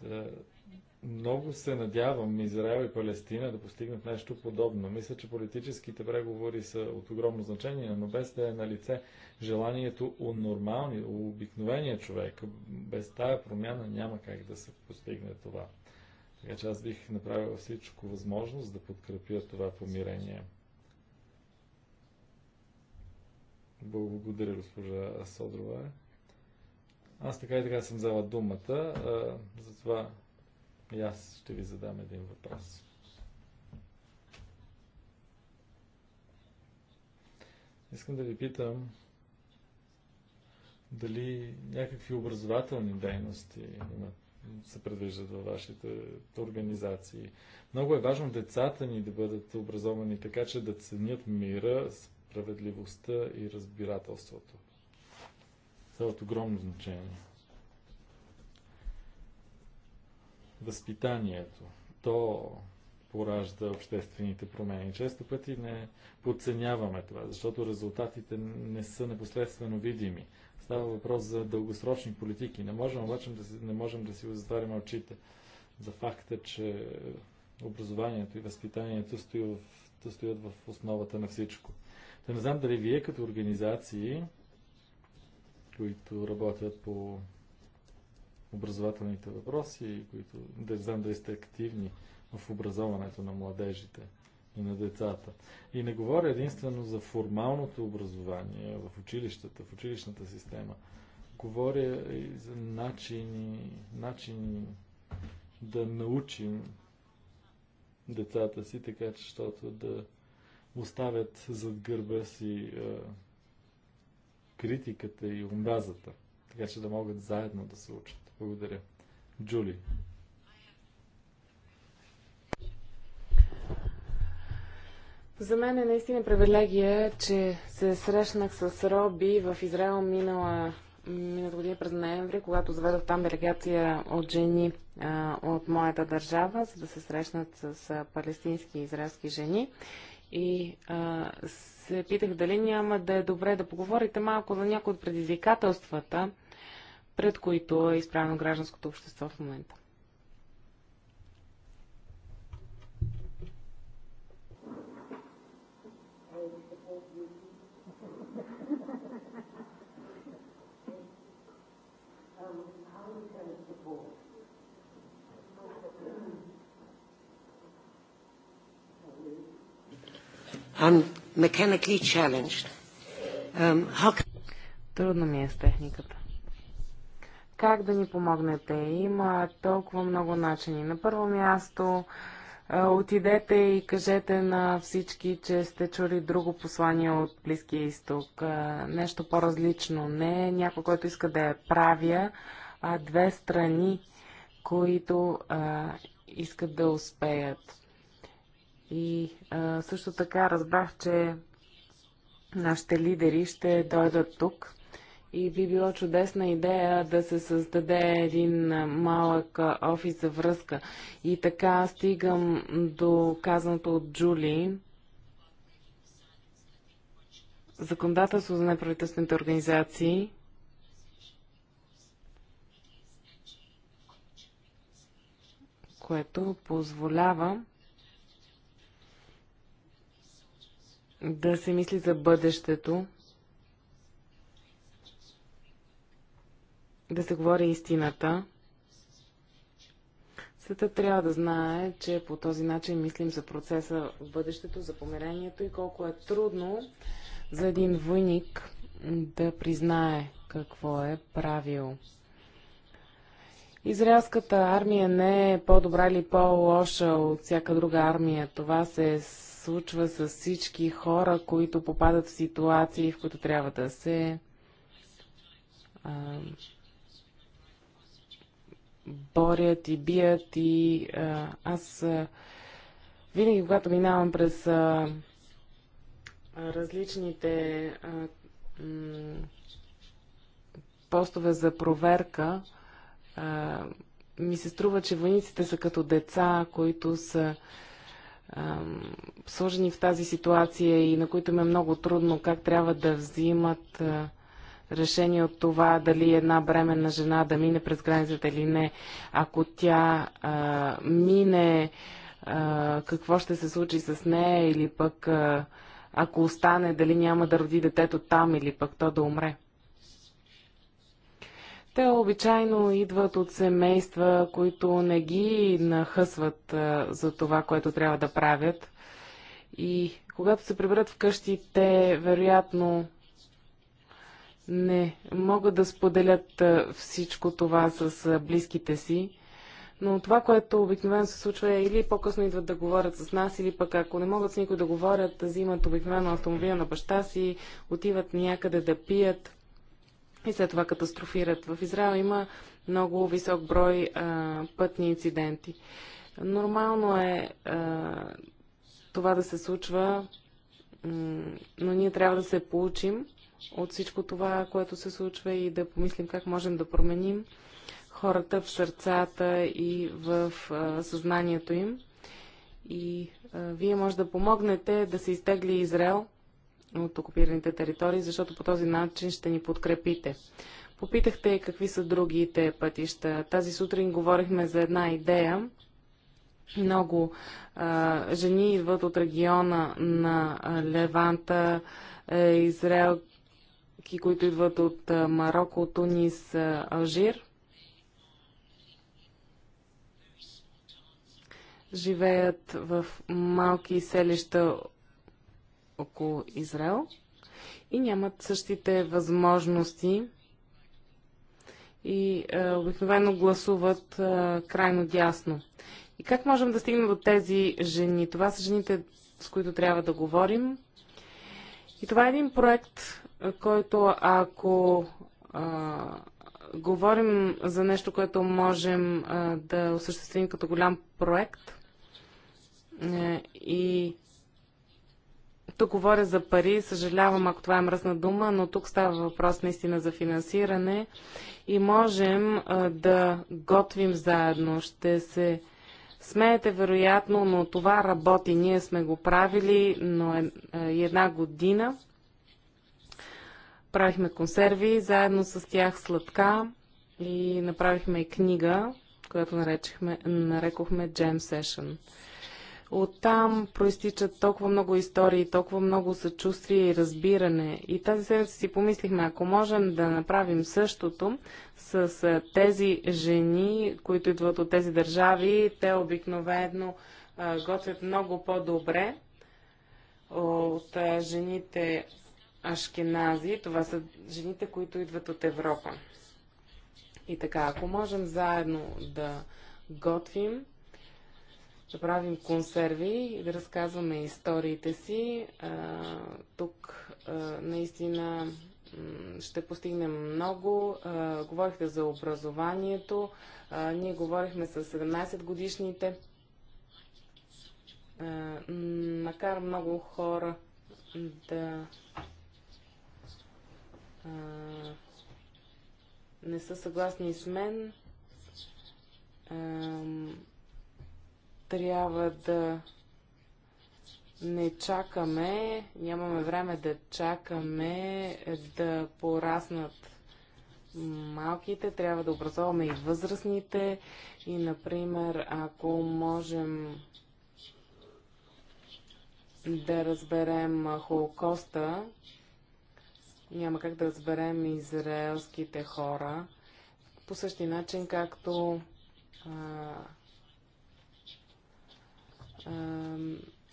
Е, много се надявам Израел и Палестина да постигнат нещо подобно. Мисля, че политическите преговори са от огромно значение, но без да е на лице желанието у нормални, у обикновения човек, без тая промяна няма как да се постигне това. Така че аз бих направил всичко възможност да подкрепя това помирение. Благодаря, госпожа Содрова. Аз така и така съм взела думата, а, затова и аз ще ви задам един въпрос. Искам да ви питам дали някакви образователни дейности имат се предвиждат във вашите организации. Много е важно децата ни да бъдат образовани така, че да ценят мира, справедливостта и разбирателството са от огромно значение. Възпитанието. То поражда обществените промени. Често пъти не подценяваме това, защото резултатите не са непосредствено видими. Става въпрос за дългосрочни политики. Не можем обаче да си, не можем да си затваряме очите за факта, че образованието и възпитанието стоят в, стоят в основата на всичко. Да не знам дали вие като организации които работят по образователните въпроси и които да знам да сте активни в образованието на младежите и на децата. И не говоря единствено за формалното образование в училищата, в училищната система. Говоря и за начини, начини да научим децата си, така че, защото да оставят зад гърба си критиката и омразата, така че да могат заедно да се учат. Благодаря. Джули. За мен е наистина привилегия, че се срещнах с Роби в Израел минала миналата година през ноември, когато заведох там делегация от жени а, от моята държава, за да се срещнат с а, палестински и израелски жени. И а, с се питах дали няма да е добре да поговорите малко за някои от предизвикателствата, пред които е изправено гражданското общество в момента. I'm mechanically challenged. Um, how can... Трудно ми е с техниката. Как да ни помогнете? Има толкова много начини. На първо място, е, отидете и кажете на всички, че сте чули друго послание от Близкия изток. Е, нещо по-различно. Не е някой, който иска да я правя, а две страни, които а, искат да успеят. И а, също така разбрах, че нашите лидери ще дойдат тук. И би било чудесна идея да се създаде един малък офис за връзка. И така стигам до казаното от Джули. Законодателство за неправителствените организации. което позволява да се мисли за бъдещето, да се говори истината. Света трябва да знае, че по този начин мислим за процеса в бъдещето, за помирението и колко е трудно за един войник да признае какво е правил. Израелската армия не е по-добра или по-лоша от всяка друга армия. Това се е случва с всички хора, които попадат в ситуации, в които трябва да се а, борят и бият. И а, аз а, винаги, когато минавам през а, различните а, постове за проверка, а, ми се струва, че войниците са като деца, които са сложени в тази ситуация и на които им е много трудно как трябва да взимат решение от това дали една бременна жена да мине през границата или не. Ако тя а, мине, а, какво ще се случи с нея или пък а, ако остане, дали няма да роди детето там или пък то да умре. Те обичайно идват от семейства, които не ги нахъсват за това, което трябва да правят. И когато се приберат вкъщи, те вероятно не могат да споделят всичко това с близките си. Но това, което обикновено се случва е или по-късно идват да говорят с нас, или пък ако не могат с никой да говорят, взимат обикновено автомобила на баща си, отиват някъде да пият и след това катастрофират. В Израел има много висок брой а, пътни инциденти. Нормално е а, това да се случва, но ние трябва да се получим от всичко това, което се случва и да помислим как можем да променим хората в сърцата и в а, съзнанието им. И а, вие може да помогнете да се изтегли Израел от окупираните територии, защото по този начин ще ни подкрепите. Попитахте какви са другите пътища. Тази сутрин говорихме за една идея. Много а, жени идват от региона на Леванта, а, е, Израел, които идват от Марокко, Тунис, Алжир. Живеят в малки селища около Израел и нямат същите възможности и е, обикновено гласуват е, крайно дясно. И как можем да стигнем до тези жени? Това са жените, с които трябва да говорим. И това е един проект, е, който ако а, е, говорим за нещо, което можем а, е, да осъществим като голям проект а, и тук говоря за пари, съжалявам ако това е мръсна дума, но тук става въпрос наистина за финансиране и можем а, да готвим заедно. Ще се смеете вероятно, но това работи. Ние сме го правили, но е, е, една година. Правихме консерви, заедно с тях сладка и направихме и книга, която нарекохме Jam Session. Оттам проистичат толкова много истории, толкова много съчувствие и разбиране. И тази седмица си помислихме, ако можем да направим същото с тези жени, които идват от тези държави, те обикновено готвят много по-добре от жените ашкенази. Това са жените, които идват от Европа. И така, ако можем заедно да готвим, да правим консерви, и да разказваме историите си. А, тук а, наистина ще постигнем много. А, говорихте за образованието. А, ние говорихме с 17 годишните. А, макар много хора да а, не са съгласни с мен, а, трябва да не чакаме, нямаме време да чакаме да пораснат малките, трябва да образоваме и възрастните. И, например, ако можем да разберем Холокоста, няма как да разберем израелските хора по същия начин, както а,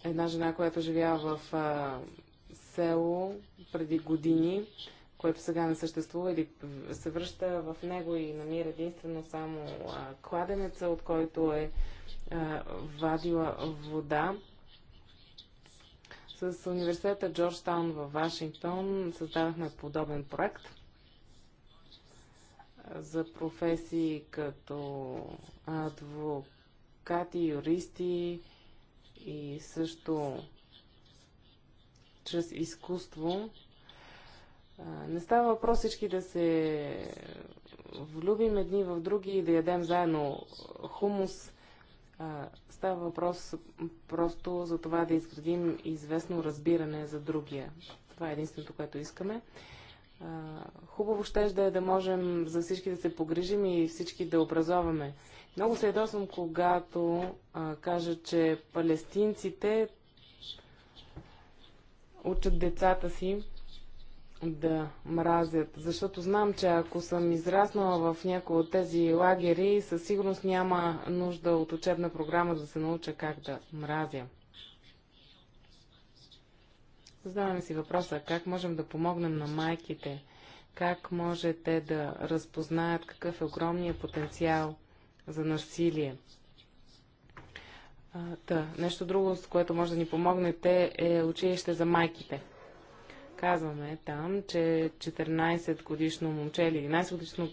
една жена, която живя в а, село преди години, което сега не съществува или се връща в него и намира единствено само а, кладенеца, от който е а, вадила вода. С университета Джорджтаун във Вашингтон създадахме подобен проект за професии като адвокати, юристи, и също чрез изкуство. Не става въпрос всички да се влюбим едни в други и да ядем заедно хумус. Става въпрос просто за това да изградим известно разбиране за другия. Това е единственото, което искаме. Хубаво ще е да можем за всички да се погрижим и всички да образоваме много се ядосвам, когато а, кажа, че палестинците учат децата си да мразят, защото знам, че ако съм израснала в някои от тези лагери, със сигурност няма нужда от учебна програма да се науча как да мразя. Задаваме си въпроса, как можем да помогнем на майките, как може те да разпознаят какъв е огромният потенциал – за насилие. Та, нещо друго, с което може да ни помогнете, е училище за майките. Казваме там, че 14 годишно момче или 11 годишно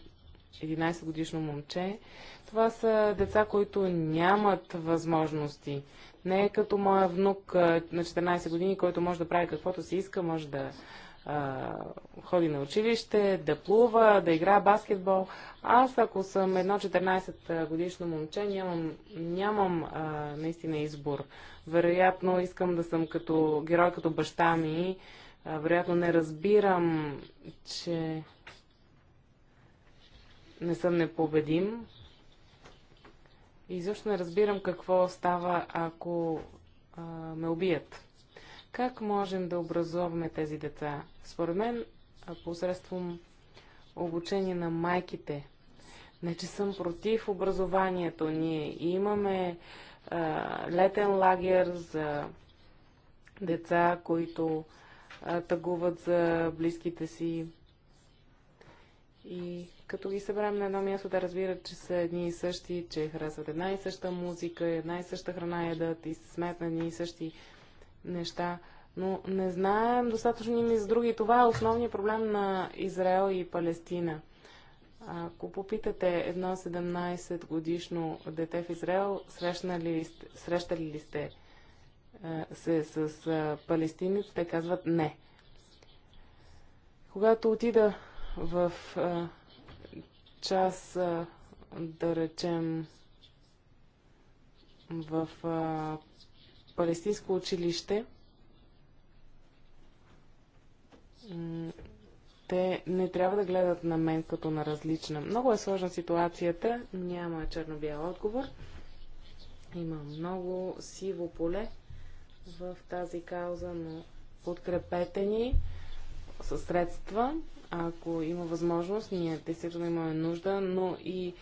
11 годишно момче, това са деца, които нямат възможности не е като моя внук на 14 години, който може да прави каквото си иска, може да а, ходи на училище, да плува, да играе баскетбол. Аз, ако съм едно 14 годишно момче, нямам, нямам а, наистина избор. Вероятно, искам да съм като герой, като баща ми. А, вероятно, не разбирам, че не съм непобедим. Изобщо не разбирам какво става, ако а, ме убият. Как можем да образуваме тези деца? Според мен, посредством обучение на майките. Не, че съм против образованието. Ние имаме а, летен лагер за деца, които а, тъгуват за близките си и като ги съберем на едно място, да разбират, че са едни и същи, че харесват една и съща музика, една и съща храна ядат и се смеят на едни и същи неща. Но не знаем достатъчно ни за други. Това е основният проблем на Израел и Палестина. Ако попитате едно 17 годишно дете в Израел, срещнали ли, срещали ли сте се с палестиниците, казват не. Когато отида в а, час, а, да речем, в а, палестинско училище, те не трябва да гледат на мен като на различна. Много е сложна ситуацията, няма черно-бял отговор. Има много сиво поле в тази кауза, но подкрепете ни със средства, ако има възможност, ние действително имаме нужда, но и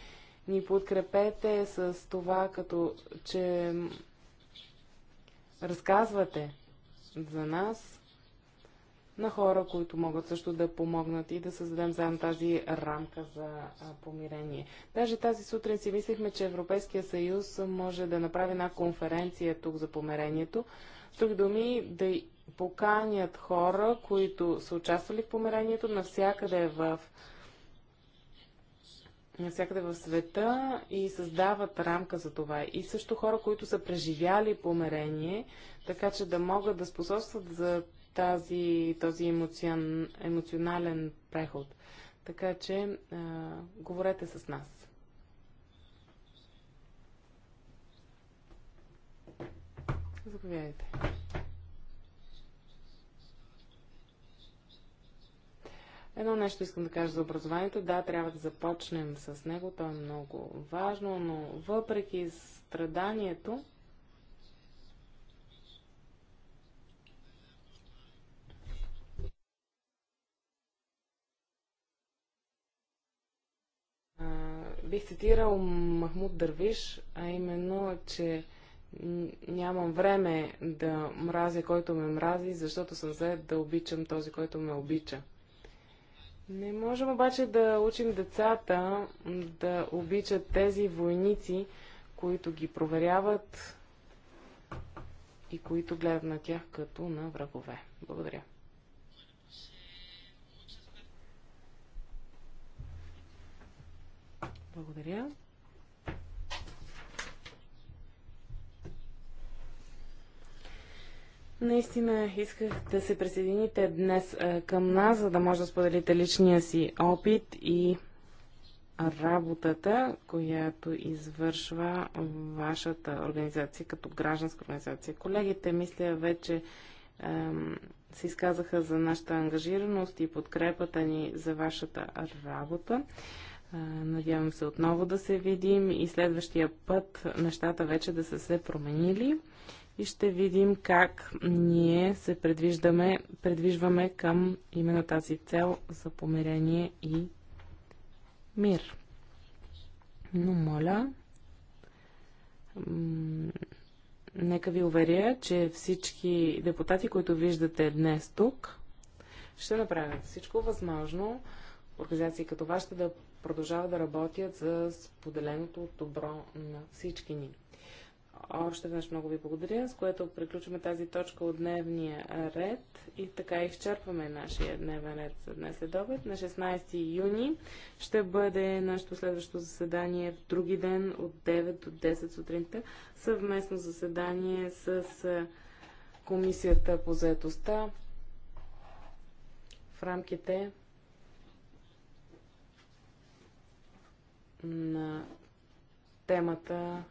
ни подкрепете с това, като че разказвате за нас на хора, които могат също да помогнат и да създадем заедно тази рамка за помирение. Даже тази сутрин си мислихме, че Европейския съюз може да направи една конференция тук за помирението. С други думи, да поканят хора, които са участвали в помирението навсякъде в навсякъде в света и създават рамка за това. И също хора, които са преживяли померение, така че да могат да способстват за тази, този емоцион, емоционален преход. Така че а, говорете с нас. Заповядайте. Едно нещо искам да кажа за образованието. Да, трябва да започнем с него. То е много важно, но въпреки страданието, бих цитирал Махмуд Дървиш, а именно, че нямам време да мразя който ме мрази, защото съм заед да обичам този, който ме обича. Не можем обаче да учим децата да обичат тези войници, които ги проверяват и които гледат на тях като на врагове. Благодаря. Благодаря. Наистина исках да се присъедините днес към нас, за да може да споделите личния си опит и работата, която извършва вашата организация като гражданска организация. Колегите, мисля, вече ем, се изказаха за нашата ангажираност и подкрепата ни за вашата работа. надявам се отново да се видим и следващия път нещата вече да са се променили и ще видим как ние се предвиждаме, предвижваме към именно тази цел за помирение и мир. Но моля, нека ви уверя, че всички депутати, които виждате днес тук, ще направят всичко възможно организации като вашата да продължават да работят за споделеното добро на всички ни. Още веднъж много ви благодаря, с което приключваме тази точка от дневния ред и така изчерпваме нашия дневен ред за днес след обед. На 16 юни ще бъде нашето следващо заседание в други ден от 9 до 10 сутринта. Съвместно заседание с Комисията по заедостта в рамките на темата